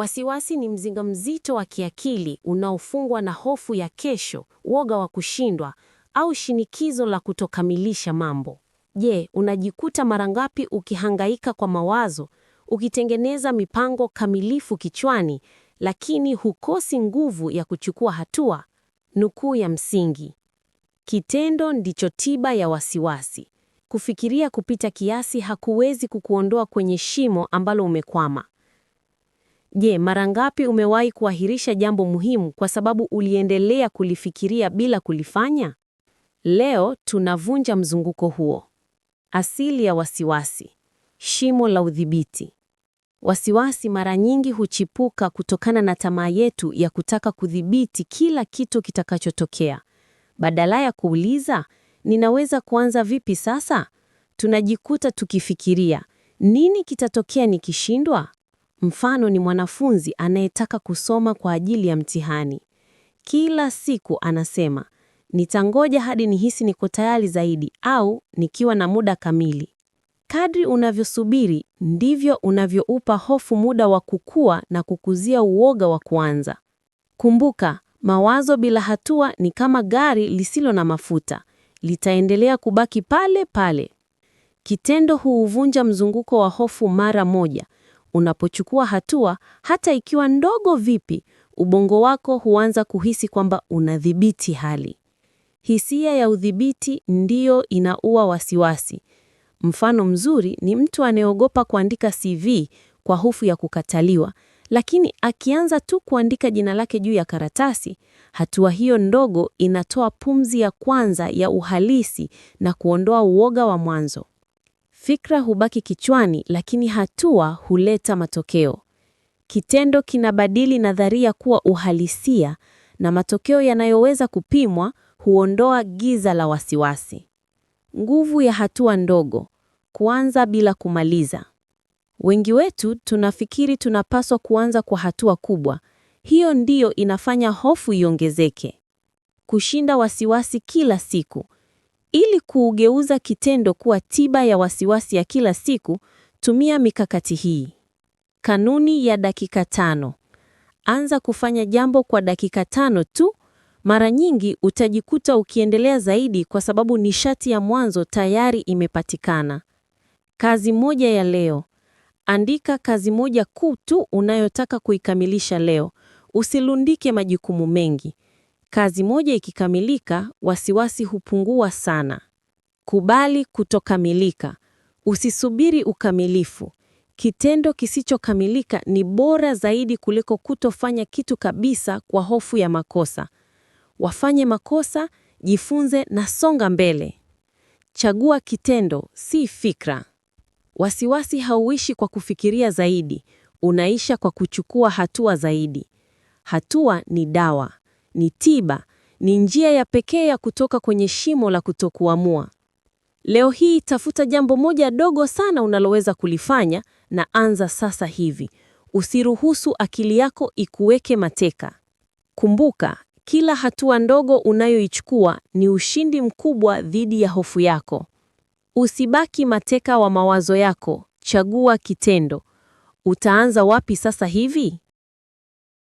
Wasiwasi ni mzinga mzito wa kiakili unaofungwa na hofu ya kesho, woga wa kushindwa au shinikizo la kutokamilisha mambo. Je, unajikuta mara ngapi ukihangaika kwa mawazo, ukitengeneza mipango kamilifu kichwani, lakini hukosi nguvu ya kuchukua hatua? Nukuu ya msingi: kitendo ndicho tiba ya wasiwasi. Kufikiria kupita kiasi hakuwezi kukuondoa kwenye shimo ambalo umekwama. Je, mara ngapi umewahi kuahirisha jambo muhimu kwa sababu uliendelea kulifikiria bila kulifanya? Leo tunavunja mzunguko huo. Asili ya wasiwasi, shimo la udhibiti. Wasiwasi mara nyingi huchipuka kutokana na tamaa yetu ya kutaka kudhibiti kila kitu kitakachotokea. Badala ya kuuliza, ninaweza kuanza vipi sasa? Tunajikuta tukifikiria, nini kitatokea nikishindwa? Mfano ni mwanafunzi anayetaka kusoma kwa ajili ya mtihani. Kila siku anasema, nitangoja hadi nihisi niko tayari zaidi au nikiwa na muda kamili. Kadri unavyosubiri ndivyo unavyoupa hofu muda wa kukua na kukuzia uoga wa kuanza. Kumbuka, mawazo bila hatua ni kama gari lisilo na mafuta, litaendelea kubaki pale pale. Kitendo huuvunja mzunguko wa hofu mara moja, Unapochukua hatua, hata ikiwa ndogo vipi, ubongo wako huanza kuhisi kwamba unadhibiti hali. Hisia ya udhibiti ndiyo inaua wasiwasi. Mfano mzuri ni mtu anayeogopa kuandika CV kwa hofu ya kukataliwa, lakini akianza tu kuandika jina lake juu ya karatasi, hatua hiyo ndogo inatoa pumzi ya kwanza ya uhalisi na kuondoa uoga wa mwanzo. Fikra hubaki kichwani, lakini hatua huleta matokeo. Kitendo kinabadili nadharia kuwa uhalisia, na matokeo yanayoweza kupimwa huondoa giza la wasiwasi. Nguvu ya hatua ndogo: kuanza bila kumaliza. Wengi wetu tunafikiri tunapaswa kuanza kwa hatua kubwa. Hiyo ndiyo inafanya hofu iongezeke. Kushinda wasiwasi kila siku ili kuugeuza kitendo kuwa tiba ya wasiwasi ya kila siku, tumia mikakati hii. Kanuni ya dakika tano. Anza kufanya jambo kwa dakika tano tu. Mara nyingi utajikuta ukiendelea zaidi kwa sababu nishati ya mwanzo tayari imepatikana. Kazi moja ya leo. Andika kazi moja kuu tu unayotaka kuikamilisha leo. Usilundike majukumu mengi. Kazi moja ikikamilika, wasiwasi hupungua sana. Kubali kutokamilika, usisubiri ukamilifu. Kitendo kisichokamilika ni bora zaidi kuliko kutofanya kitu kabisa kwa hofu ya makosa. Wafanye makosa, jifunze na songa mbele. Chagua kitendo, si fikra. Wasiwasi hauishi kwa kufikiria zaidi, unaisha kwa kuchukua hatua zaidi. Hatua ni dawa ni tiba, ni njia ya pekee ya kutoka kwenye shimo la kutokuamua. Leo hii tafuta jambo moja dogo sana unaloweza kulifanya na anza sasa hivi. Usiruhusu akili yako ikuweke mateka. Kumbuka, kila hatua ndogo unayoichukua ni ushindi mkubwa dhidi ya hofu yako. Usibaki mateka wa mawazo yako, chagua kitendo. Utaanza wapi sasa hivi?